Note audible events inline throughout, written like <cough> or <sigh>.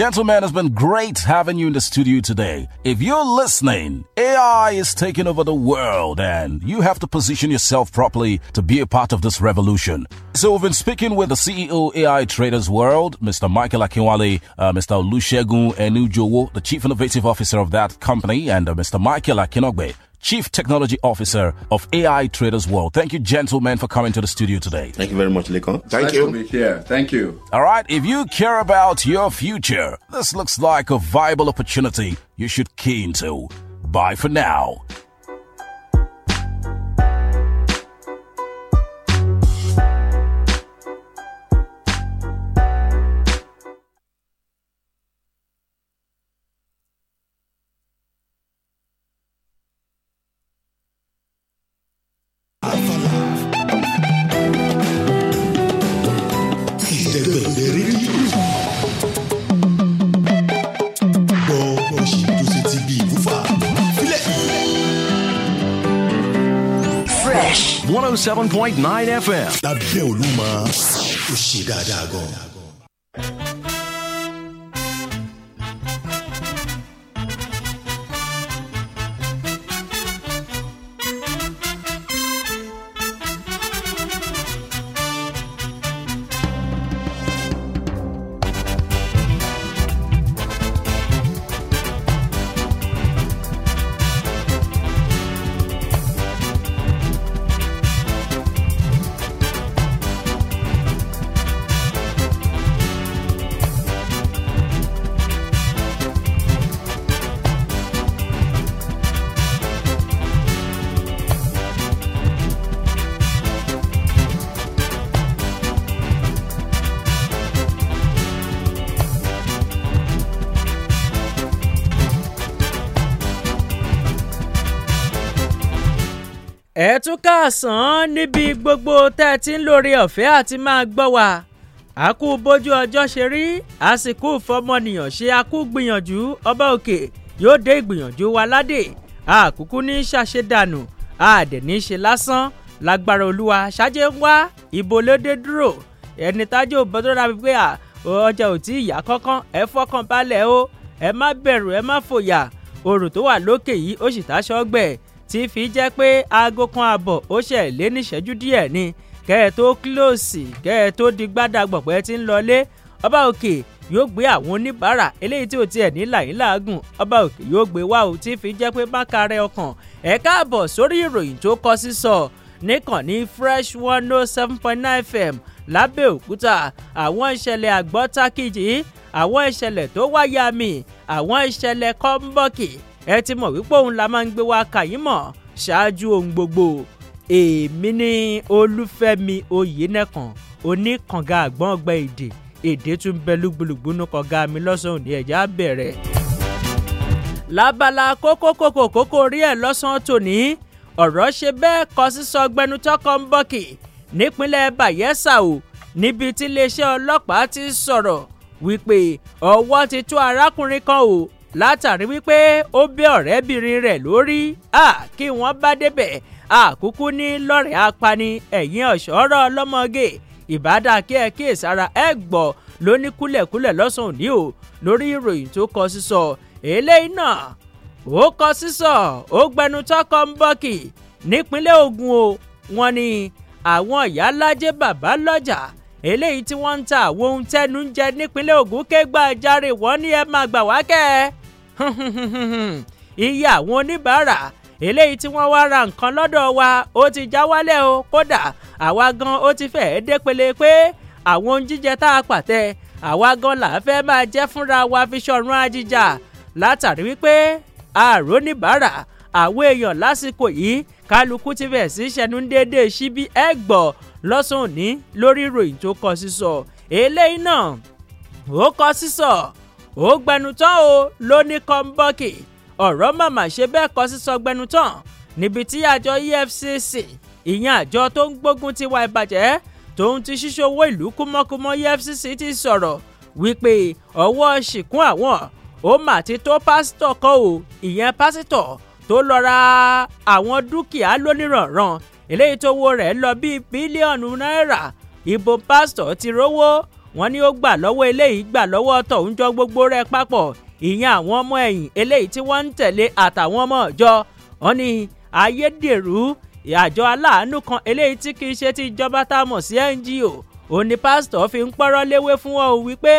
Gentlemen, it's been great having you in the studio today. If you're listening, AI is taking over the world and you have to position yourself properly to be a part of this revolution. So we've been speaking with the CEO AI Traders World, Mr. Michael Akinwale, uh, Mr. Olusegun Enujowo, the Chief Innovative Officer of that company, and uh, Mr. Michael Akinogbe. Chief Technology Officer of AI Traders World. Thank you, gentlemen, for coming to the studio today. Thank you very much, Lekon. Thank nice you. To be here. Thank you. All right, if you care about your future, this looks like a viable opportunity you should keen to. Bye for now. Fresh 107.9 FM. ẹ tún káàsán níbi gbogbo tẹ́ ẹ ti ń lórí ọ̀fẹ́ àti máa gbọ́ wa àkú bójú ọjọ́ ṣe rí àsìkò ìfọmọnìyàn ṣe àkú gbìyànjú ọba òkè yóò dé ìgbìyànjú wa ládè àkúkú ní ṣàṣedànù àdẹ̀ní ṣe lásán lágbára olúwa ṣáájú ń wá ìbò lédè dúró ẹni tájú bọ́dọ́ra wípé ọjà ò tí ì yá kánkán ẹ fọkàn balẹ̀ o ẹ má bẹ̀rù ẹ má fòyà oòrùn tó wà lókè yìí ó sì táṣọ́ gbẹ̀ tí fi jẹ́ pé aago kan àbọ̀ ó ṣẹ̀ lé níṣẹ́jú díẹ̀ ni kẹ́ ẹ tó kílòsì kẹ́ ẹ tó di gbádàgbọ̀pẹ́ tí ń lọlé ọba òkè yóò gbé àwọn oníbàárà eléyìí tí ò tiẹ̀ ní làyínláàgùn ọba òkè yóò gbé wá o tí fi jẹ́ pé bákàrẹ́ ọkàn ẹ̀ káàbọ̀ sórí ìròyìn tó kọ sísọ níkànnì fresh one no oh seven point nine fm lábẹ́òkúta àwọn ìṣẹ̀lẹ̀ àgbọ́tákìjì àwọn ìṣẹ̀lẹ̀ tó wáyà mì àwọn ìṣẹ̀lẹ̀ kọ́ńbọ̀kì ẹ ti mọ̀ wípé òun la máa ń gbé wá kàyín mọ̀ ṣáájú ohun gbogbo èmi ní olúfẹ́mi oyinẹ̀kan oníkànga àgbọ̀n ọgbà èdè èdè tún bẹ lúgbúlùgbú nù kànga mi lọ́sàn-án òní ẹ̀já bẹ̀rẹ̀ lábala kókókókó kókó rí ẹ̀ lọ́sàn-án tòní ọ̀rọ̀ ṣe bẹ́ẹ̀ kọ sísọ gbẹnutọ́kọ ń bọ̀kì nípínlẹ̀ bayelsa o níbi tí iléeṣẹ́ ọlọ́pàá ti sọ̀rọ̀ wípé ọwọ́ ti tó arákùnrin kan o látàrí wípé ó bẹ́ ọ̀rẹ́bìnrin rẹ̀ lórí kí wọ́n bá débẹ̀ àkúkú ní lọ́rẹ̀ẹ́ apani ẹ̀yìn ọ̀ṣọ́rọ̀ ọlọ́mọge ìbádà kí ẹ kíyèsára ẹ gbọ́ ló ní kúlẹ̀kúlẹ̀ lọ́sàn òní o lórí ìròyìn tó kọ sísọ eléyìí náà ó kọ sísọ ó gbẹnu tọkọ ń bọ́kì nípínlẹ̀ Ògùn o wọ́n ní àwọn ìyálájẹ́ bàbá lọ́jà eléyìí tí wọ́n ń ta àwọn ohun tẹ́nu ń jẹ nípínlẹ̀ Ògùn ké gbàjarè wọ́n ní ẹ máa gbà wá ẹ iye <laughs> àwọn oníbàárà eléyìí tí wọ́n wá ra nǹkan lọ́dọ̀ wa ó ti já wálẹ̀ o kódà àwa gan ó ti fẹ́ẹ́ dépele pé àwọn ohun jíjẹ tá a pàtẹ àwa gan là á fẹ́ máa jẹ fúnra wa fi ṣọ̀run ajíjà látàrí wípé àrò oníbàárà àwọn èèyàn lásìkò yìí kálukú ti bẹ̀ sí ṣẹnu déédéé síbi ẹgbọ̀ lọ́sàn-án òní lórí ìròyìn tó kọ sísọ eléyìí náà ó kọ sísọ ó gbẹnután o ló ní kọ́ńbọ́ọ̀kì ọ̀rọ̀ màmá ṣe bẹ́ẹ̀ kọ́ sísọ gbẹnután níbi tí àjọ efcc ìyẹn àjọ tó ń gbógun ti wà ìbàjẹ́ tóun ti ṣíṣe owó ìlú kúmọ́kúmọ́ efcc ti sọ̀rọ̀ wípé ọwọ́ ṣìkún àwọn ó mà ti tó pásítọ̀ kan o ìyẹn pásítọ̀ tó lọ ra àwọn dúkìá lóníranran eléyìí tó wo rẹ̀ lọ bíi bílíọ̀nù náírà ìbò pásítọ̀ ti rówó wọ́n ní ó gbà lọ́wọ́ eléyìí gbà lọ́wọ́ tọ̀hún jọ gbogbo rẹ̀ papọ̀ ìyẹn àwọn ọmọ ẹ̀yìn eléyìí tí wọ́n ń tẹ̀lé àtàwọn ọmọ ìjọ wọ́n ní ayédèrú àjọ aláàánú kan eléyìí tí kì í ṣe ti ìjọba tá a mọ̀ sí NGO òun ni pásítọ̀ fi ń pọ́rọ́ léwé fún wọn wípé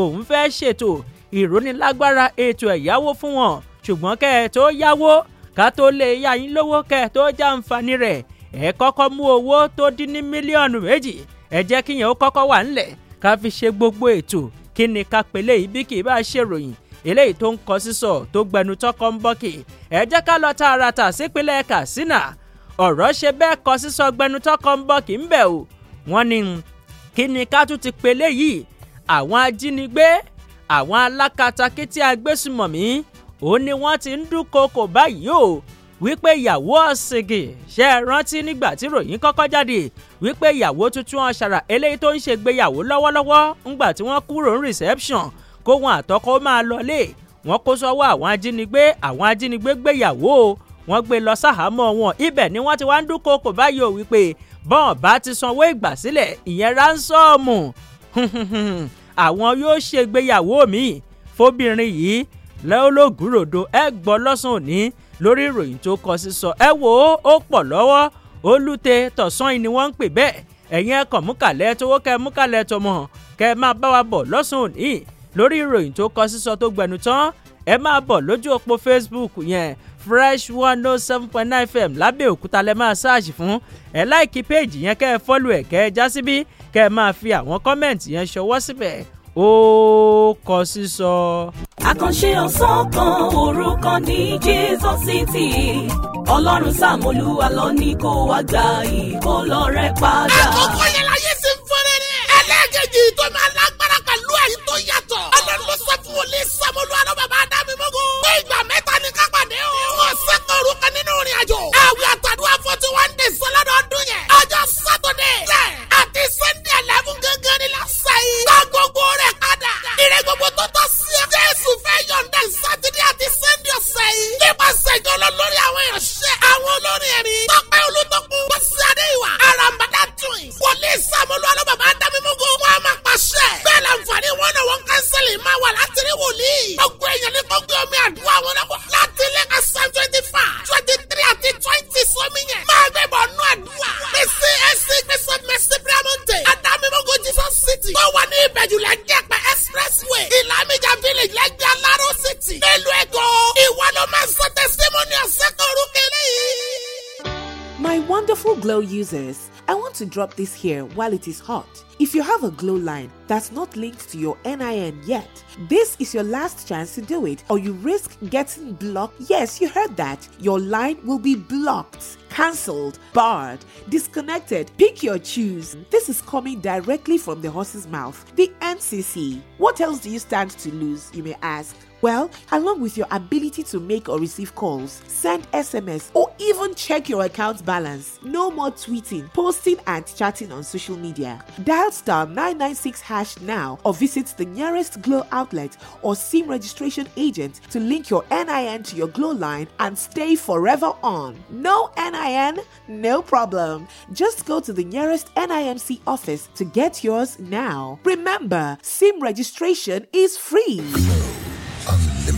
òun fẹ́ ṣètò ìrónilágbára ètò ẹ̀yáwó fún wọn ṣùgbọ́n kẹ́ ẹ tó yáwó ká tó lè yá yín lówó kẹ́ ẹ tó jàǹfààní rẹ̀ ẹ kọ́kọ́ mú owó tó dín ní mílíọ̀nù méjì ẹ jẹ́ kíyẹn ó kọ́kọ́ wà ńlẹ̀ ká fi ṣe gbogbo ètò kí ni ká pèlè yìí bí kì í bá ṣèròyìn eléyìí tó ń kọ sísọ tó gbẹnu tọkọ ń bọ́kì ẹ jẹ́ ká lọ tààràtà sípínlẹ̀ katsina ọ̀rọ̀ ṣe bẹ́ẹ̀ kọ sísọ gbẹnu tọkọ ń bọ́kì ń bẹ̀ o wọ́n ní kí ni ká tún ti pèlè yìí àwọn ajínigbé àwọn alákatakítí agbésùmọ̀mí òun ni wọ́n ti ń dúnkokò báyìí o wípé ìyàwó ọ̀sìngì ṣe é rántí nígbà tí ròyìn kọ́kọ́ jáde wípé ìyàwó tuntun ọ̀ṣàrà eléyìí tó ń ṣe gbéyàwó lọ́wọ́lọ́wọ́ ńgbà tí wọ́n kúrò ń reception kó wọn àtọkọ máa lọlé wọ́n kó sọ́wọ́ àwọn ajínigbé àwọn ajínigbé gbéyàwó wọ́n gbé lọ sáhámọ́ wọn ibẹ̀ ni wọ́n ti wá ń dúnkokò báyìí ò wípé bọ́ọ̀n bá ti sanwó ìgbàsílẹ̀ ìyẹn ránsọ́ọ̀mù <laughs> àwọn yóò ṣègbéyàwó mi fóbìnrin yìí lọ́lọ́gùròdò ẹ gbọ́ lọ́sàn òní lórí ìròyìn tó kọ sí sọ ẹ wò ó ó pọ̀ lọ́wọ́ olùtẹ tọ̀sán yìí ni wọ́n ń pè bẹ́ẹ̀ ẹ̀yin ẹ̀kọ́ múkàlẹ́ tówó kẹ́ múkàlẹ́ tọmọ kẹ́ ẹ máa bá wa bọ̀ lọ́sùn òní lórí ìròyìn tó kọ sí sọ tó gbẹnu tán ẹ máa bọ̀ lójú òpó Facebook yẹn fresh one oh seven point nine fm lábẹ́òkúta lẹ máa ṣáàṣì fún ẹ láìkí péèjì yẹn kẹ́ ẹ fọ́lù ẹ̀ kẹ́ ẹ já síbí kẹ́ ẹ máa fi àwọn kọ́mẹ̀ǹtì yẹn ṣọwọ́ síbẹ̀ ó kọ sísọ. àkànṣe ọ̀sán kan òru kan ní jésù city ọlọ́run sàmúlùwà lọ ní kó wá gba ìkólọ rẹ padà. àkókò yẹn láyé sí ń fọ́nrẹ́ ni. ẹlẹ́ẹ̀kejì tó máa lágbára pẹ̀lú àyè tó yàtọ̀. ọlọ́run ló sọ fún wòlíì sàmúlùwà lọ bàbá adámi mọ́gò. pé ìgbà mẹ́ta ni ká pàdé o. wọ́n sẹ́kọ̀ òru kan nínú ìrìn àjò. àwẹ̀ àtàdúrà forty one days sọ́lọ́dọọdún yẹn. ọjọ́ sátọ̀dẹ̀ àti sunday eleven gángan ni lásán sílẹ̀ yìí. Gba gbogbo rẹ̀ padà. Ire gbogbo tó tọ́ sí ẹ. Jésù fẹ́ yọ̀ǹda ìsátidé àti sẹ́ndì ọ̀sẹ̀ yìí. Nípasẹ̀ ìjọlọ lórí àwọn ìránṣẹ́. Àwọn olórin ẹ̀mí. Tọ́pẹ́ olùtọ́kùn. Bọ́sí Adéyíwá. Arambada Twins. Wọlé Sàmúlò Alọ́bàbá Adámímúgò. Wọ́n á máa pàṣẹ. Bẹ́ẹ̀ láǹfààní wọn náà wọ́n kánsẹ́lì máa wà láti rí wòlíì. Ọgbẹ́ èèyàn ní kọ́gbẹ́ omi àdúrà wọn Glow users, I want to drop this here while it is hot. If you have a Glow line that's not linked to your NIN yet, this is your last chance to do it or you risk getting blocked. Yes, you heard that. Your line will be blocked, cancelled, barred, disconnected. Pick your choose. This is coming directly from the horse's mouth, the NCC. What else do you stand to lose, you may ask? Well, along with your ability to make or receive calls, send SMS, or even check your account balance. No more tweeting, posting, and chatting on social media. Dial star 996 hash now or visit the nearest Glow outlet or SIM registration agent to link your NIN to your Glow line and stay forever on. No NIN, no problem. Just go to the nearest NIMC office to get yours now. Remember, SIM registration is free.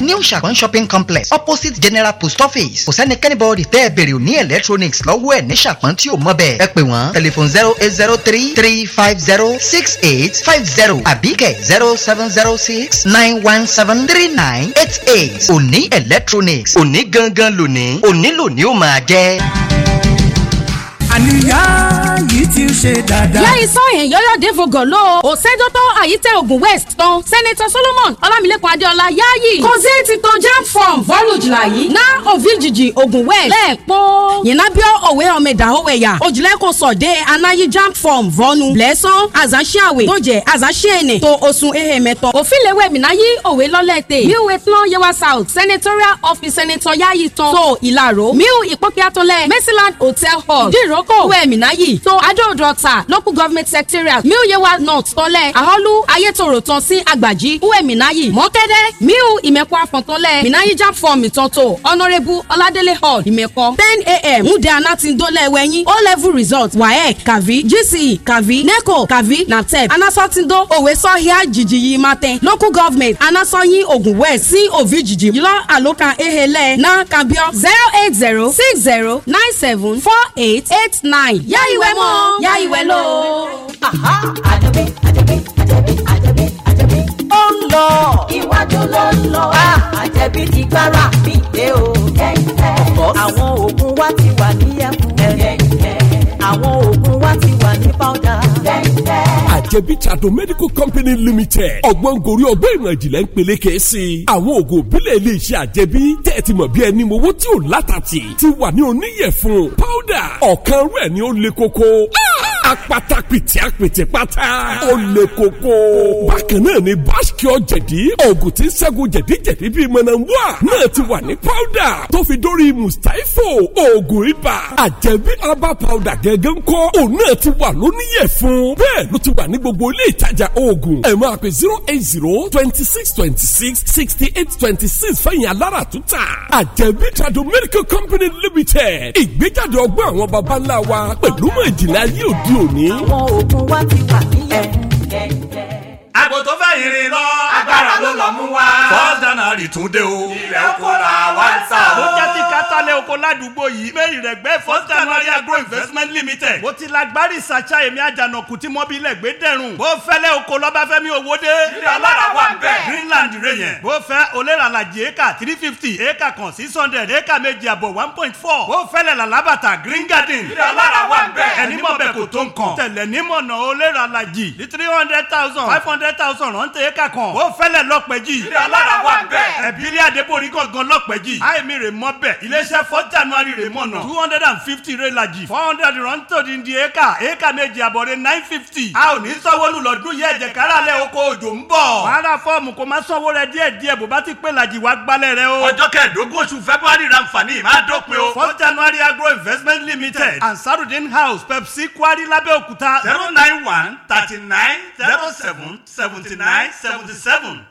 new Ṣakon shopping complex opposite general post office kò sẹ́nikẹ́ni bọ́ọ̀dì tẹ́ ẹ bèrè ní electronics lọ́wọ́ ẹ̀ ní Ṣakon tí o mọ̀ bẹ́ẹ̀ ẹ pè wọ́n telephone zero eight zero three three five zero six eight five zero àbíkẹ́ zero seven zero six nine one seven three nine eight eight òní electronics òní gangan lónìí òní lónìí ó máa jẹ́ àníyá yìí ti ṣe dáadáa. yẹ́rì O yọ́yọ́dé fògòló òṣèjọ́tọ̀ àyítẹ́ West tán sẹ́nẹ́tọ̀ Solomon Ọlámilẹ́kùn Adéọlá yáàyì kọ́sí ti tan jam from voluge làyí ná òvijìjì ogun West lẹ́ẹ̀pọ̀ yìnbíọ́ òwe ọmọ ìdáhọ́wẹ̀yà òjìlẹ́kùn sọ̀dẹ́ anáyí jam from vọ́nu lẹ́sán àzánṣẹ́àwẹ̀ tójẹ́ àzánṣẹ́ẹ̀nẹ̀ tó oṣù ehemẹ́tọ̀ òfìlẹ́wẹ̀ mìnáyí òwe Mi miu etan yewa south senatorial office senator yáàyì tán tó ìlàró miu ìpọ́kíátọ́lẹ̀ Mercyland hotel hall dìrọ́k Koko, Ueminayi, to Ado Doctor, Local Government Secretariat, Miuyewa North, Tole, Aholu, Ayetoro Tonsi, Agbaji, Ueminayi, Mokede, Miu Imekwa Fontole, Minayi Jap Form Itoto, Honorable Oladele Hall, Imeko, 10 a.m. Mude Anatin Dole Wenyi, O level result, WAEC, Kavi, GCE, Kavi, NECO, Kavi, NAPTEP, Anasotindo, Owesohia, Jijiyi Maten, Local Government, Anasoyin, Ogun West, COV Jijiji, Lo Aloka Ehele, Na zero nine seven four eight eight eight nine yá ìwé mọ́ yá ìwé lọ. àjẹbí àjẹbí àjẹbí àjẹbí àjẹbí ó ń lọ iwájú ló ń lọ àjẹbí ah. ti gbára mi dé o. ọ̀pọ̀ àwọn oògùn wa ti wà ní ẹ̀kún. àwọn oògùn wa ti wà ní pọ́dà àjẹbí trado medical company limited gori ọgbọ́n ìmọ̀ ìjìnlẹ̀ ń peléke sí i. àwọn oògùn òbílẹ̀ ilé iṣẹ́ àjẹbí tẹ́ ẹ ti mọ̀ bí ẹni mowó tí ò látàtì ti wà ní oníyẹ̀fun powder ọ̀kan rẹ̀ ni ó le koko. Ah! apatapìtì apìtì pátá. ó le koko. bákan náà ni báṣkìọ́ jẹ̀dí oògùn tí ń ṣẹ́gun jẹ̀díjẹ̀dí bíi mọ̀nàmúà náà ti wà ní pọ́dà tó fi dórí mùsítáífò oògùn ibà àjẹbí herbal powder gẹ́gẹ́ ń kọ́ òun náà ti wà lóníyẹ̀ fún. bẹ́ẹ̀ ló ti wà ní gbogbo ilé ìtajà oògùn ẹ máa pè zero eight zero twenty six twenty six sixty eight twenty six fẹ̀yìn alára tuta àjẹbí trado medical company limited ìgbéjáde ọgbọ́n àwọn wa pẹ̀lú mọ̀ ìjìnlẹ̀ òní. àwọn oògùn wa ti wà nílẹ̀ kẹ́kẹ́ àgbòtò fẹ̀yìn rí lọ agbára ló lọ mú wá. first january tún dé o. ilẹ̀ oko la wá ń tà o. mo jẹ́ ti kátàlẹ̀ oko ládùúgbò yìí. mẹ́rin rẹ̀ gbẹ́ first january agro investment limited. mo ti lágbárí sàṣà èmi àjànàkú tí mọ́bí lẹ̀ gbé dẹ̀rùn. bó fẹ́lẹ́ oko lọ́báfẹ́mi owó dé. ilé alára wà bẹ́ẹ̀. greenland rẹ yẹn. bó fẹ́ olérànlájì éka three fifty éka kan six hundred éka méjì àbọ̀ one point four. bó fẹ́lẹ̀ làlábàtà green garden. ilé alára wà bẹ́ẹ̀. ẹni mọ̀ bẹ́ẹ̀ kò tó nǹkan. tẹ̀lẹ̀ nímọ̀nà olérànlájì ní three hundred thousand five hundred hundred thousand rántí éka kan. ó fẹ́lẹ̀ lọ́pẹ́jì. ilé alára wà bẹ́ẹ̀. ẹ̀bílẹ̀ adébórí gangan lọ́pẹ́jì. àìmí rè mọ́ bẹ̀. iléeṣẹ́ four january rè mọ́ nà. two hundred and fifty rẹ̀ lajì. four hundred rántó di di éka éka méjì àbọ̀rẹ̀ nine fifty. a ò ní sanwó lù lọ́dún yẹ ẹ̀jẹ̀ kára lẹ oko òjò ń bọ̀. wàhálà fọ́ọ̀mù kò má sanwó rẹ díẹ̀ díẹ̀ bó bá ti pé lajì wá gbalẹ̀ rẹ o. ọjọ́ kẹẹ̀dógún oṣù february ranfani má dópin o. four january agro investment limited and sarudin house pepsi kwari labẹ́òkúta. zero nine one thirty nine zero seven 79, 77.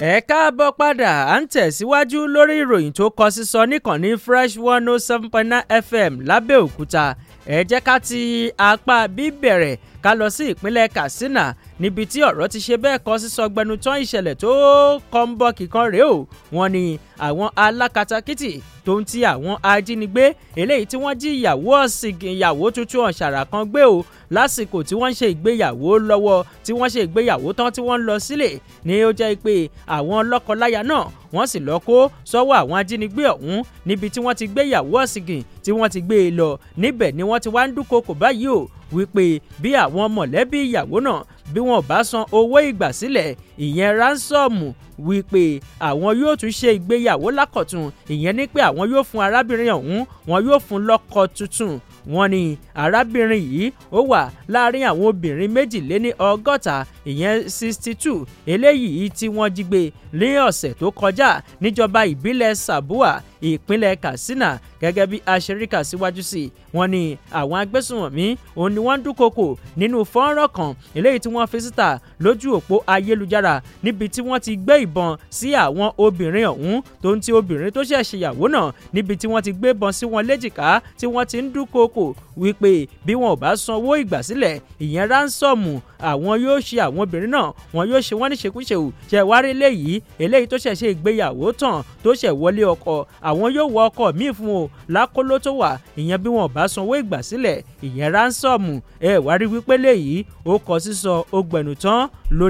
ẹ káàbọ̀ padà à ń tẹ̀síwájú lórí ìròyìn tó kọ sísọ níkànnì fresh one oh seven point nine fm lábẹ́òkúta ẹ jẹ́ ká ti apá bíbẹ̀rẹ̀ ká lọ sí ìpínlẹ̀ Katsina níbi tí ọ̀rọ̀ ti ṣe bẹ́ẹ̀ kọ sísọ gbẹnután ìṣẹ̀lẹ̀ tó kọ́ńbọ̀kì kan rèé o wọ́n ní àwọn alákatakítì tó ń ti àwọn ajínigbé eléyìí tí wọ́n jí ìyàwó ọ̀sìnkì ìyàwó tuntun ọ̀sàrà kan gbé o lásìkò tí wọ́n ń ṣe ìgbéyàwó lọ́wọ́ tí wọ́n ṣe ìgbéyàwó tán tí wọ́n ń lọ sílé ni ó jẹ́ pé àwọn lọ́kọláya náà wọ́n sì lọ́ọ́ kó sọ́wọ́ àwọn ajínigbé ọ̀hún níbi tí wọ́n ti gbé ìyàwó ọ̀sìngìn tí wọ́n ti gbé e lọ níbẹ̀ ni wọ́n ti wá ń dúnkookò báyìí o wípé bí àwọn mọ̀lẹ́bí ìyàwó náà bí wọn bá san owó ìgbàsílẹ̀ ìyẹn ránsọ́ọ̀mù wípé àwọn yóò tún ṣe ìgbéyàwó lákọ̀tun ìyẹn ni pé àwọn yóò fún arábìnrin ọ̀hún wọn yóò fún lọ́kọ tuntun wọ́n ní arábìnrin yìí ó wà láàrin àwọn obìnrin méjìléní ọgọ́ta ìyẹn sixty two eléyìí tí wọ́n jí gbé ní ọ̀sẹ̀ tó kọjá níjọba ìbílẹ̀ Sabua ìpínlẹ̀ katsina gẹ́gẹ́ bí aṣeríkà síwájú sí i wọ́n ní àwọn agbésùnmọ̀mí òun ni wọ́n ń dúnkokò nínú fọ́nrán kan eléyìí tí wọ́n fi síta lójú òpó ayélujára níbi tí wọ́n ti gbé ìbọn sí àwọn obìnrin ọ̀hún tó ń ti obìnrin tó ṣẹ̀ ṣèyàwó náà níbi tí wọ́n ti gbé ìbọn sí wọn léjìká tí wọ́n ti ń dúnkokò wípé bí wọn ò bá sanwó ìgbàsílẹ̀ ìyẹn ránsọ̀mù àwọn yóò ṣe àwọn obìnrin náà wọn yóò ṣe wọ́n ní ṣekúṣe ò ṣẹ̀wárí eléyìí eléyìí tó ṣẹ̀ ṣe ìgbéyàwó tán tó ṣẹ̀ wọlé ọkọ àwọn yóò wọ ọkọ̀ míì fún o lákòóló tó wà ìyẹn bí wọn ò bá sanwó ìgbàsílẹ̀ ìyẹn ránsọ̀mù ẹ wá rí wípé léyìí ó kọ sísọ ó tán ló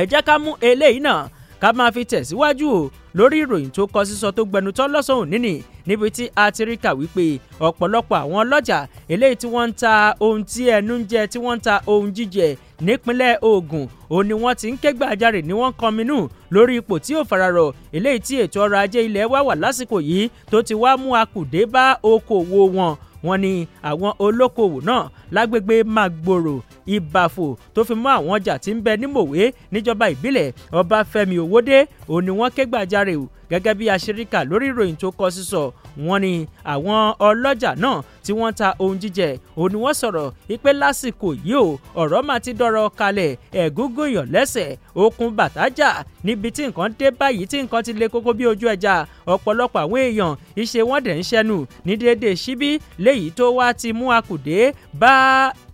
ẹ jẹ́ ká mú eléyìí náà ká máa fi tẹ̀síwájú o lórí ìròyìn tó kọ sísọ tó gbẹnu tán lọ́sàn-án níní níbi tí a ti rí kà wípé ọ̀pọ̀lọpọ̀ àwọn ọlọ́jà eléyìí tí wọ́n ń ta ohun tí ẹnu ń jẹ tí wọ́n ń ta ohun jíjẹ nípínlẹ̀ Ògùn òun ni wọ́n ti ń ké gbàjarè ni wọ́n ń kọminú lórí ipò tí ò fararọ̀ eléyìí tí ètò ọrọ̀ ajé ilẹ̀ wa wà lásìkò yìí tó ti wá mú akùdé bá okòwò wọn wọ́n ní àwọn olókoòwò náà lágbègbè Magboro ìbàfò tó fi mọ́ àwọn ọjà tí ń bẹ ní mòwe níjọba ìbílẹ̀ ọbáfẹ́mi òwòdé òun ni wọ́n ké gbàjarè o gẹ́gẹ́ bí aṣeríkà lórí ìròyìn tó kọ sísọ wọ́n ní àwọn ọlọ́jà náà tí wọ́n ta ohun jíjẹ òun ni wọ́n sọ̀rọ̀ wípé lásìkò yìí o ọ̀rọ̀ máa ti dọ̀rọ̀ kalẹ̀ ẹ̀gúngún yàn lẹ́sẹ̀ okùn bàtájà níbi tí nǹkan dé báyìí tí nǹkan ti le koko bí ojú ẹja ọ̀pọ̀lọpọ̀ àwọn èèyàn iṣẹ́ wọn dẹ̀ ń ṣẹnu ní déédéé síbí léyìí tó wá ti mú akùdé bá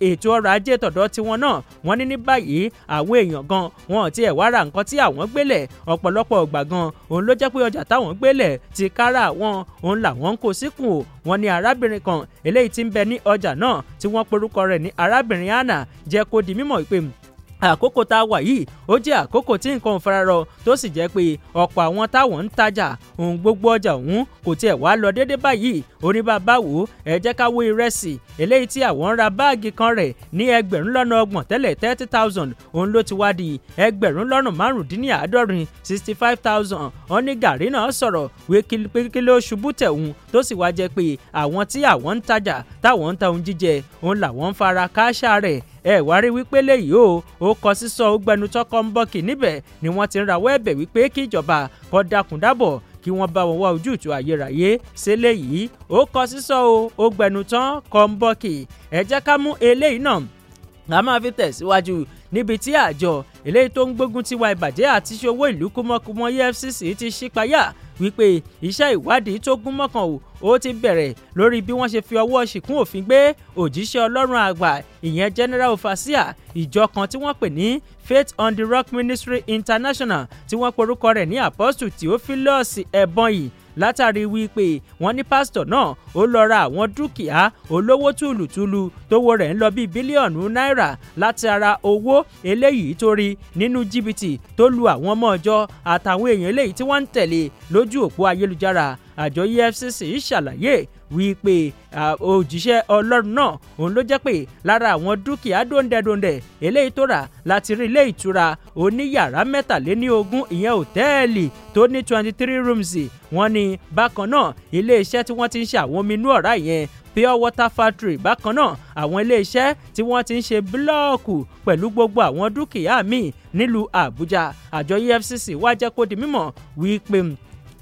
ètò ọrọ̀ ajé tọ̀dọ̀ ọ̀dọ̀ tiwọn náà wọ́n ní ní báyìí àwọn èèyàn gan wọn ti ẹ̀ wá ra nǹkan tí àwọn gbélẹ̀ ọ̀pọ̀lọpọ̀ ọgbà gan òun ló jẹ́ pé ọjà táwọn gbélẹ̀ ti kára wọn òun làwọn ń kó síkùn o wọ́n ní arábìnrin kan eléyìí ti ń bẹ ní ọjà náà tí wọ́n porúkọ rẹ̀ ní arábìnrin Anna jẹ́ kó di mímọ̀ pé àkókò tá a wà yìí ó jẹ́ àkókò tí nǹkan fararọ tó sì jẹ́ pé ọ̀pọ̀ àwọn táwọn ń tajà ohun gbogbo ọjà ọ̀hún kò tiẹ̀ wá lọ déédé báyìí oníbàbá wò ẹ jẹ́ ká wo ìrẹsì eléyìí tí àwọn ń ra báàgì kan rẹ̀ ní ẹgbẹ̀rún lọ́nà ọgbọ̀n tẹ́lẹ̀ thirty thousand òun ló ti wá di ẹgbẹ̀rún lọ́nà márùndínláàádọ́rin sixty five thousand ó ní gàrí náà sọ̀rọ̀ wí kíló ṣubú tẹ̀hún tó sì wá jẹ́ pé àwọn tí àwọn ń tajà táwọn ń ta ohun jíjẹ òun ẹ wá rí wípé léyìí o ó kọ sísọ ó gbẹnu tọkọ ń bọ̀kì níbẹ̀ ni wọ́n ti ń rawọ́ ẹ̀bẹ̀ wípé kí ìjọba kó dákun dábọ̀ kí wọ́n bá wọn wá ojútùú ayérayé ṣe léyìí ó kọ sísọ o ó gbẹnu tán kọ ń bọ̀kì ẹ jẹ́ ká mú eléyìí náà a máa fi tẹ̀síwájú níbi tí àjọ eléyìí tó ń gbógun tiwa ìbàjẹ́ àti ṣòwò ìlú kúmọ́kúmọ́ EFCC ti ṣípayá wípé iṣẹ́ ìwádìí tó gún mọ́kàn ò ó ti bẹ̀rẹ̀ lórí bí wọ́n ṣe fi ọwọ́ ṣìkún òfin gbé òjíṣẹ́ ọlọ́run àgbà ìyẹn general ofasia ìjọ kan tí wọ́n pè ní faith on the rock ministry international tí wọ́n porúkọ rẹ̀ ní apostle theophilus ẹ̀bọnyì látàrí wípé wọ́n ní pásítọ̀ náà ó lọ ra àwọn dúkìá olówó tùlùtùlù tówó rẹ̀ ń lọ bíi bílíọ̀nù náírà láti ara owó eléyìí tó rí nínú jìbìtì tó lu àwọn ọmọ ọjọ́ àtàwọn èèyàn eléyìí tí wọ́n ń tẹ̀lé lójú òpó ayélujára àjọ EFCC ṣàlàyé wípé òjíṣẹ́ ọlọ́run náà òun ló jẹ́ pé lára àwọn dúkìá dòǹdẹ̀dòǹdẹ̀ eléyìí tó rà láti rí ilé ìtura oníyàrá mẹ́tàléní ìyẹn òtẹ́ẹ̀lì tó ní twenty three rooms wọ́n ní bákan náà iléeṣẹ́ tí wọ́n ti ń ṣe àwọn omi inú ọ̀rá yẹn pure water factory bákan náà àwọn iléeṣẹ́ tí wọ́n ti ń ṣe búlọ́ọ̀kù pẹ̀lú gbogbo àwọn dúkìá míì nílùú àbújá àjọ efcc wá jẹ́ kó di mímọ̀ wípé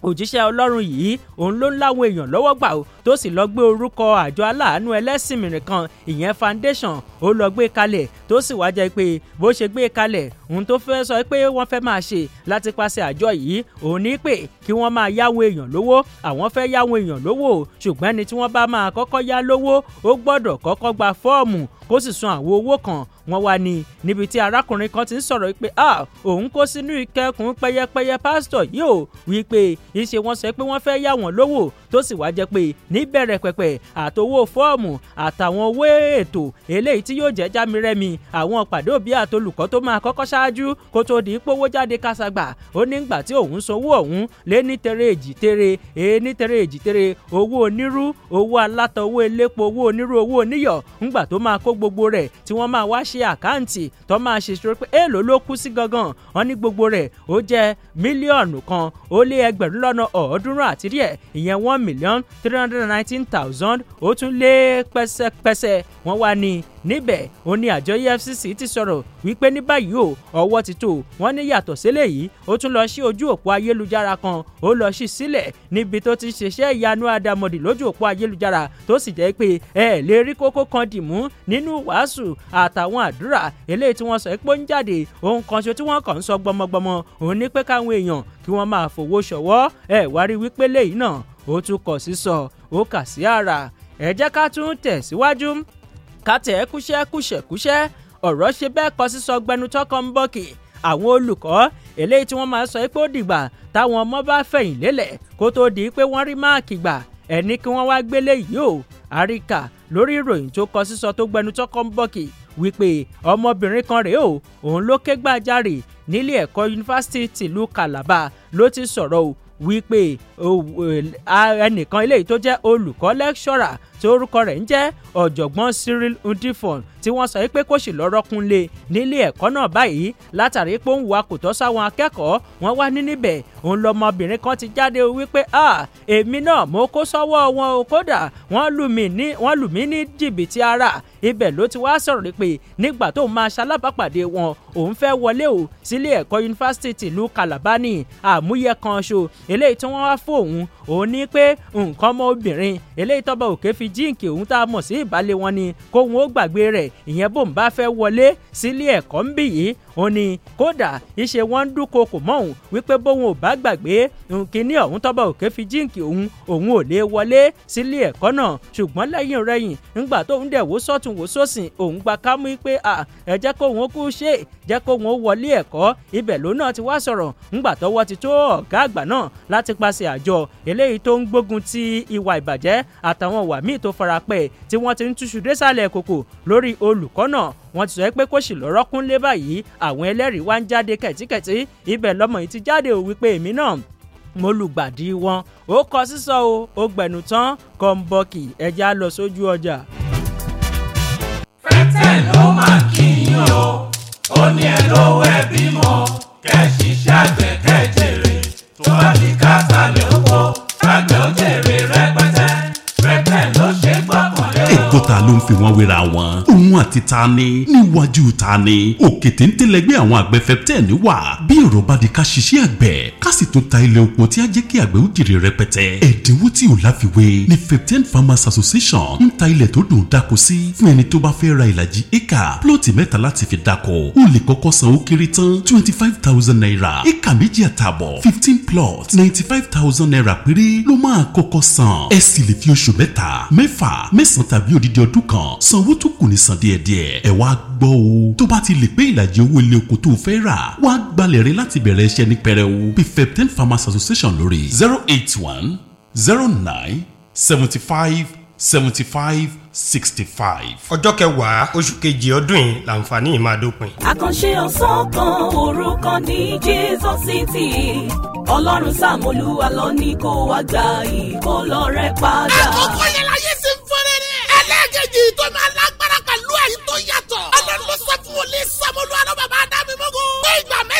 òjíṣẹ́ ọlọ́run yìí òun ló ń láwọn èèyàn lọ́wọ́ gbà tó sì lọ gbé orúkọ àjọ aláàánú ẹlẹ́sìn mìíràn kan ìyẹn foundation ó lọ gbé kalẹ̀ tó sì wá jẹ́ pé bó ṣe gbé kalẹ̀ ohun tó fẹ́ sọ pé wọ́n fẹ́ máa ṣe láti pàṣẹ àjọ yìí òun ní pé kí wọ́n máa yáwó èèyàn lówó àwọn fẹ́ yáwó èèyàn lówó ṣùgbọ́n ẹni tí wọ́n bá máa kọ́kọ́ yá lówó ó gbọ́dọ̀ kọ́kọ́ gba fọ́ọ̀mù kó sì san àwọn owó kan wọ́n wá ní níbi tí arákùnrin kan ti ń sọ̀rọ̀ pé ah òun kó sínú ìkẹ́kùn pẹ́yẹpẹ́yẹ pásítọ̀ yìí ò wípé ìṣe wọ́n sọ pé wọ́n fẹ́ yá wọn lówó tó sì wá jẹ́ pé níbẹ̀rẹ̀ pẹ̀pẹ̀ àtowó fọ́ọ̀mù àtàwọn owó ètò eléyìí tí yóò jẹ́ jámirẹ́mi àwọn pàdé òbí àtolùkọ́ tó máa kọ́kọ́ ṣáájú kó tó di pówó jáde kásàgbà ó ní ìgbà tí òun sanwó ọ̀hún lé ní tẹ̀rẹ̀ èjì tẹ̀rẹ̀ e èé ní tẹ̀rẹ̀ èjì tẹ̀rẹ̀ owó onírú owó aláta owó elépo owó onírú owó oníyọ̀ ńgbà tó máa kó gbogbo rẹ̀ tí wọ́n máa wá ṣe àkáǹtì tó máa ṣe sọ pé èèlò ló kú sí gangan wọn ní gbogbo rẹ̀ ó jẹ́ mílíọ̀nù kan ó lé ẹgbẹ̀rún lọ́nà ọ̀ọ́dúnrún àti díẹ̀ ìyẹn one one million three hundred and nineteen thousand ó tún lé pẹ́sẹ́pẹ́sẹ́ wọ́n wá ní níbẹ̀ ó ní àjọ EFCC ti sọ̀rọ̀ wípé ní báyìí o ọwọ́ ti tó wọ́n ní yàtọ̀ sílẹ̀ yìí ó tún lọ sí ojú òpó ayélujára kan ó lọ sí sílẹ̀ níbi tó ti ṣiṣẹ́ ìyanu àdàmọ̀dì lójú òpó ayélujára tó sì jẹ́ pé ẹ lè rí kókó kan dì mú nínú wàásù àtàwọn àdúrà eléyìí tí wọ́n sọ pé ó ń jáde ohun kan ṣo tí wọ́n kàn ń sọ gbọmọgbọmọ òun ní pé káwọn èèyàn kí wọ́n máa fowó ṣọwọ́ ẹ wá rí wípé léyìí náà ó tún kọ̀ sísọ ó kà sí àrà ẹ jẹ́ ká tún tẹ̀síwájú ká tẹ̀ kúṣẹ́ kúṣẹ́ kúṣẹ́ ọ̀rọ̀ ṣe bẹ́ẹ̀ kọ sísọ gbẹnutọ́ kan ń bọ̀ kì àwọn olùkọ́ eléyìí tí wọ́n máa sọ pé ó dìgbà táwọn ọmọ bá fẹ̀yìn lélẹ̀ kó tó di pé wọ́n rí máàkì gbà ẹni kí wọ́n wá gbélé yìí o àríkà lórí ìròyìn tó kọ sísọ tó gbẹnutọ́ ń bọ̀ wípé ọmọbìnrin kan rèé o òun ló ké gbàjarè nílé ẹ̀kọ́ yunifásitì tìlú Calabar ló ti sọ̀rọ̀ o wípé ẹnìkan eléyìí tó jẹ́ olùkọ́ lẹ́kṣọ́rà tí orúkọ rẹ̀ ń jẹ́ ọ̀jọ̀gbọ́n Cyril Undifon tí wọ́n sọ pé kó sì lọ́ọ́ rọ́kúnlé nílé ẹ̀kọ́ náà báyìí látàrí pé òun wà kò tọ́ sáwọn akẹ́kọ̀ọ́ wọn wá ní níbẹ̀ òun lọmọbìnrin kan ti jáde wípé a èmi náà mo kó sọ́wọ́ wọn o kódà wọ́n lù mí ní jìbìtì ara ibẹ̀ ló ti wá sọ̀rọ̀ pé nígbà tó máa ṣalábàpàdé wọn òun fẹ́ wọlé o sílé ẹ̀kọ́ yunifásitì tìlú Calabar ní àmúyẹ kan ṣo eléyìí tí wọ́n wá fún òun òun ní pé nǹkan ọmọ eléyìí tọ́ba òkè fi jíǹkì òun tá a mọ̀ sí ìbálẹ̀ wọn ni kóun ó gbàgbé rẹ̀ ìyẹn bóun bá fẹ́ wọlé sílé ẹ̀kọ́ ń bì yìí ó ní kódà iṣẹ́ wọn ń dúnkokò mọ́ òun wípé bóun ò bá gbàgbé nkíní ọ̀hún tọ́ba òkè fi jíǹkì òun òun ò lè wọlé sílé ẹ̀kọ́ náà ṣùgbọ́n lẹ́yìn rẹ̀yìn ńgbà tóun dẹ̀ wò sọ́tún wò sósìn òun gba kámú pé ẹ jẹ́ kóun ó kú ṣe jẹ́ kóun ó wọlé ẹ̀kọ́ ibẹ̀ ló náà ti wá sọ̀rọ̀ ńgbà tọ́wọ́ ti tó ọ̀gá àgbà náà láti paṣẹ àjọ eléyìí tó ń gbógun ti ìwà ìbàjẹ́ àtàwọn wàmíì tó farapẹ́ tí wọ́n ti ń túṣu désàlẹ̀ kòkò lórí olùkọ́ náà wọ́n ti sọ pé kó sì lọ́rọ́ kúnlé báyìí àwọn ẹlẹ́rìí wá ń jáde kẹ̀tíkẹ̀tí ibẹ̀ lọ́mọ yìí ti jáde ò wípé èmi náà mo lùgbàdì wọn ó kọ sísọ o ó gbẹ̀nù tán kọ́ńbọ́ọ̀kì ẹja lọ sójú ọjà. fẹ́tẹ̀ ló máa kí yín o ó ní ẹ lówó ẹ bímọ kẹ́ ṣiṣẹ́ àgbẹ̀ kẹ́ jèrè tó bá ní káta lè gọ́ta ló ń fi wọ́n wéra wọn òun àti ta ni níwájú ta ni òkè téńté lẹgbẹ́ àwọn àgbẹ̀ fẹ́tẹ́ẹ̀nì wà bí èrò bá di ká ṣiṣẹ́ àgbẹ̀ ká sì tún ta ilẹ̀ oko tí a jẹ́ kí àgbẹ̀ ó jèrè rẹpẹtẹ ẹ̀dínwó tí ò láfiwé ni fẹ́tẹ́ẹ̀nì farmers association ń ta ilẹ̀ tó dùn dáko sí fún ẹni tó bá fẹ́ ra ìlàjì éka plọ́ọ̀tì mẹ́ta láti fi dáko ó lè kọ́kọ́ san ó kéré tán twenty five thousand naira eka méjì àtààbọ̀ fifteen plots ninety five thousand naira péré ló máa kọ́kọ́ san ẹ sì odidi ọdún kan sanwó tó kù ní san díẹ̀díẹ̀ ẹ wá gbọ́ o tó bá ti lè pé ìlàjì owó ilé oko tó fẹ́ rà wá gbalẹ̀ rẹ láti bẹ̀rẹ̀ iṣẹ́ ní pẹrẹwu bí farmers association lórí zero eight one zero nine seventy five seventy five sixty five. ọjọ́ kẹwàá oṣù kejì ọdún yìí làǹfààní yìí máa dópin. àkànṣe ọ̀sán kan òru ní Jesus City ọlọ́run sàmúlùwà lọ ní kó wá gba ìkólọ́rẹ́ padà. àkókò yẹn mo lu àná bàbá dá mi mọ́gò. pé ìgbà mẹ́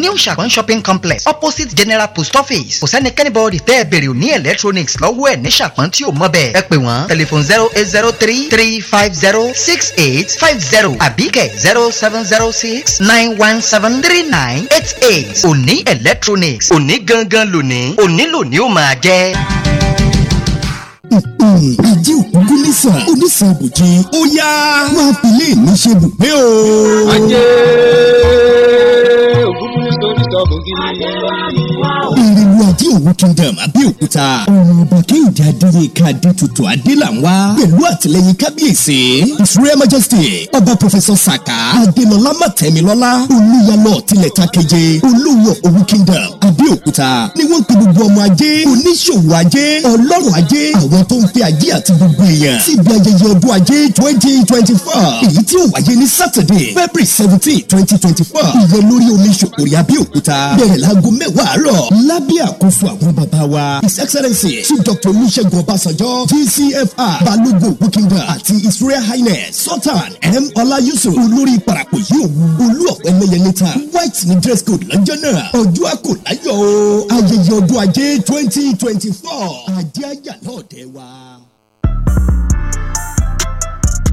new Ṣàpọ̀n shopping complex opposite general post office kò sẹ́nikẹ́ni bọ́ọ̀dì tẹ́ ẹ bèrè ní electronics lọ́wọ́ ẹ̀ ní Ṣàpọ̀n tí o mọ̀ bẹ́ẹ̀ ẹ pè wọ́n tẹlifon zero eight zero three three five zero six eight five zero àbíkẹ́ zero seven zero six nine one seven three nine eight eight òní electronics òní gangan lónìí òní lónìí ó máa jẹ́ ìjẹ́ òkúkú nísàn onísàn ibùjí ó yá wá ilé ìníṣẹ́ bùgbé o. ajé kingdom Abẹ́òkúta. ọ̀rọ̀ ọba kẹ́hìndé adéyínká adétutù adélànwá pẹ̀lú àtìlẹyìn kábíyèsí his royal majesty ọba professor saka adélọlá mọ̀tẹ́milọ́lá olúyalọ̀ tilẹ̀takeje olúwo òwú kingdom abẹ́òkúta ni wọ́n pe gbogbo ọmọ ajé oníṣòwò ajé ọlọ́run ajé àwọn tó ń fi ajé àti gbogbo èèyàn síbi ayẹyẹ ọdún ajé twenty twenty four èyí tí ó wáyé ní saturday february seventeen twenty twenty four ìyẹn lórí omi ṣòkòrè abẹ́òkúta bẹ̀rẹ̀ láago mẹ́wàá àárọ̀ lábẹ́ àkóso àwọn bàbá wa his excellency chief doctor dr olùṣègùn ọbásanjọ́ gcfr balógun bukinga àti israel highness sultan m ọlá yusuf olórí parapọ̀ yìí òun olú ọ̀pẹ lẹ́yẹlé ta white ni dress code lọ́jọ́ náà ọjọ́ àkò láyọ̀ o ayẹyẹ ọdún ajé twenty twenty four àjẹ́ àjà náà tẹ̀ wá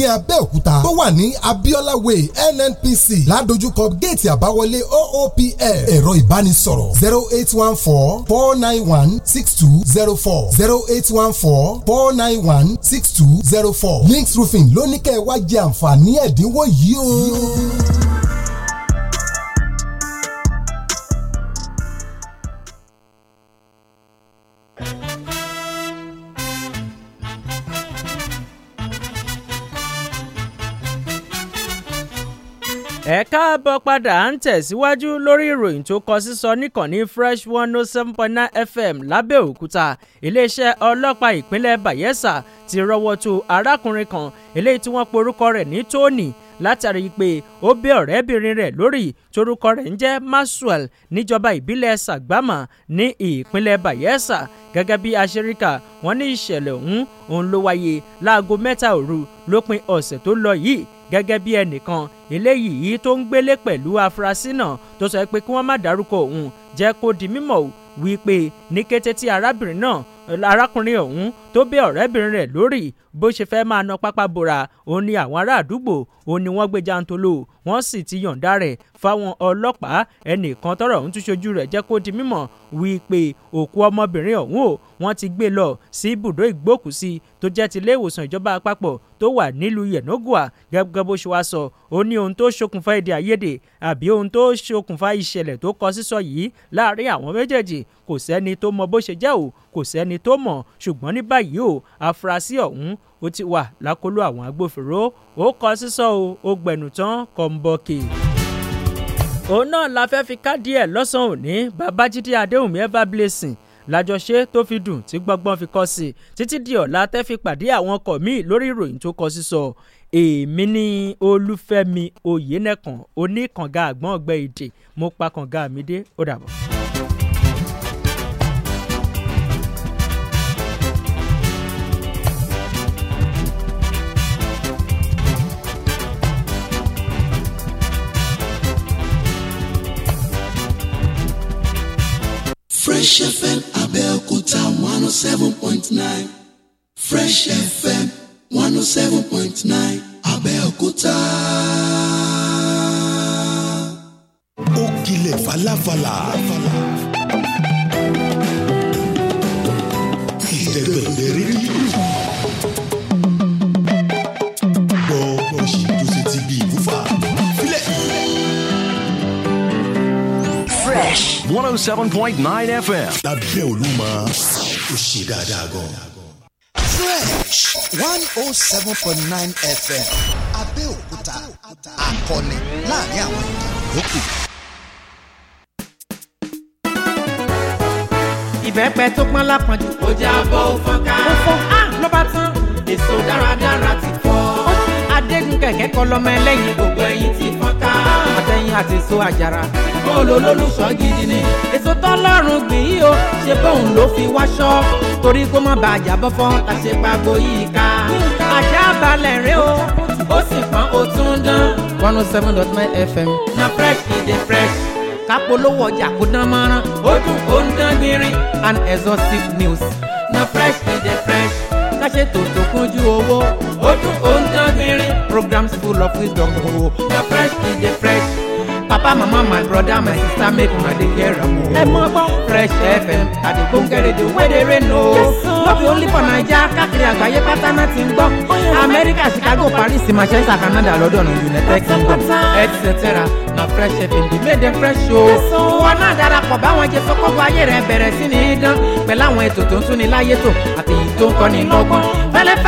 ní Abẹ́òkúta tó wà ní Abiola Way NNPC ládojúkọ géètì àbáwọlé OOPL ẹ̀rọ ìbánisọ̀rọ̀ zero eight one four four nine one six two zero four zero eight one four four nine one six two zero four Links Roofing ló ní kẹ́ ẹ wá jẹ àǹfààní ẹ̀dínwó yìí o. ẹ káàbọ̀ padà à ń tẹ̀síwájú lórí ìròyìn tó kọ sísọ níkànnì fresh one oh seven point nine fm lábẹ́òkúta iléeṣẹ́ ọlọ́pàá ìpínlẹ̀ bayelsa ti rọ́wọ́ tó arákùnrin kan eléyìí tí wọ́n porúkọ rẹ̀ ní tóní látàrí pé ó bẹ́ ọ̀rẹ́bìnrin rẹ̀ lórí torúkọ rẹ̀ ń jẹ́ maxwell níjọba ìbílẹ̀ sàgbámà ní ìpínlẹ̀ bayelsa gẹ́gẹ́ bí aṣeríkà wọ́n ní ìṣẹ̀lẹ̀ ọ̀hún òun ló wáyé láago mẹ́ta òru lópin ọ̀sẹ̀ tó lọ yìí gẹ́gẹ́ bí ẹnìkan eléyìí tó ń gbélé pẹ̀lú afurasí náà tó sọ pé kí wọ́n má dárúkọ òun jẹ́ kó di mímọ̀ wípé ní kété tí arábìnrin náà arákùnrin ọ̀hún tó bẹ́ ọ̀rẹ́bìnrin rẹ̀ lórí bó ṣe fẹ́ máa na pápá bora òun ni àwọn ará àdúgbò òun ni wọ́n gbé jantolo wọ́n sì ti yọ̀ǹda rẹ̀ fáwọn ọlọ́pàá ẹnìkan tọrọ ọ̀hún tún ṣojú rẹ̀ jẹ́ kó di mímọ̀ wí òkú ọmọbìnrin ọ̀hún o wọ́n ti gbé lọ sí ibùdó ìgbókùsí tó jẹ́ ti ilé ìwòsàn ìjọba àpapọ̀ tó wà nílùú yẹnogua gẹ́gẹ́ bó ṣe wá sọ ó ní ohun tó ṣokùnfà èdè àìyedè àbí ohun tó ṣokùnfà ìṣẹ̀lẹ̀ tó kọ sísọ yìí láàárín àwọn méjèèjì kò sẹ́ni tó mọ bó ṣe jẹ́ o kò sẹ́ni tó mọ̀ ṣùgbọ́n ní báyìí o afurasí ọ̀hún ó ti wà lákọlò àwọn agbófinró ó kọ sísọ o ó gbẹ̀nù tán kọ́ńbọ́ọ̀kì òun náà la fẹ́ fi ká díẹ̀ lọ́sàn-án òní babájídé adéhùnmí ever blessing lájọṣe tó fi dùn tí gbọ́ngbọ́n fi kọ́ sí títí di ọ̀la tẹ́ fi pàdé àwọn ọkọ̀ míì lórí ìròyìn tó kọ sí èmi ní olúfẹ́mi oyènẹ́kan oníkànga àgbọ̀n èdè mo pa kànga mi dé ó dàbọ̀. Fresh FM Abẹ́òkúta one Fresh FM 107.9. oh seven point nine oh Abẹ́òkúta. Ó kilẹ̀ falafala. Ìdẹ̀gbẹ̀gbẹ̀ rédíò. 107.9 FM. lábẹ́ olúmọ ó ṣe dáadáa fresh one oh fm Abel Kuta. láàrin La ìtàn yòókù. ìbẹ́pẹ tó pọ́n lápọ̀jù. ó jábọ́ ó fọ́n ká. ó fọ́n á ah, ló bá tán. èso ti adégún kẹ̀kẹ́ kọ lọ́mọ ẹlẹ́yin. gbogbo ẹyin ti fọ́n àtẹ̀yìn àti so àjàrà. bóòlù gidi ni. èso tọ́lọ́run gbìn yìí o ṣe bóun ló fi wáṣọ. torí kó má bàa jábọ́ fọ́n la ṣe pàgọ́ yìí ká. àṣà balẹ̀ rẹ o ó sì pọ́n ó dán. one oh seven dot nine fm. na fresh e dey fresh kápolówó ọjà kó dán mọ́rán. ó dùn ó ń dán gbinrin. an exhaustive news. na fresh e dey fresh. ká ṣe tòótọ́ kúnjú owó. Go to Ontagiri, programs full of wisdom. Oh, the fresh is the fresh. Papa, mama, my brother, my sister, make my dey care am. Oh. Ẹ mọ gbọ́. Fresh FM, àdìgbòǹkẹ́ rédíò wẹ́dẹ̀rẹ́ nù. No be only for Nigeria, káàkiri àgbáyé pátá náà ti ń oh, America, Chicago, Paris, Manchester, Canada, London, United Kingdom, etc. Na Fresh FM dey made dem fresh oh. Yes, oh, o. Wọn náà darapọ̀ báwọn jẹ sọ́kọ́gbọ́ ayé rẹ̀ bẹ̀rẹ̀ sí ní dán. Pẹ̀lú àwọn ètò tó ń súnni láyé tó àti èyí tó ń kọ́ni lọ́gbọ́n.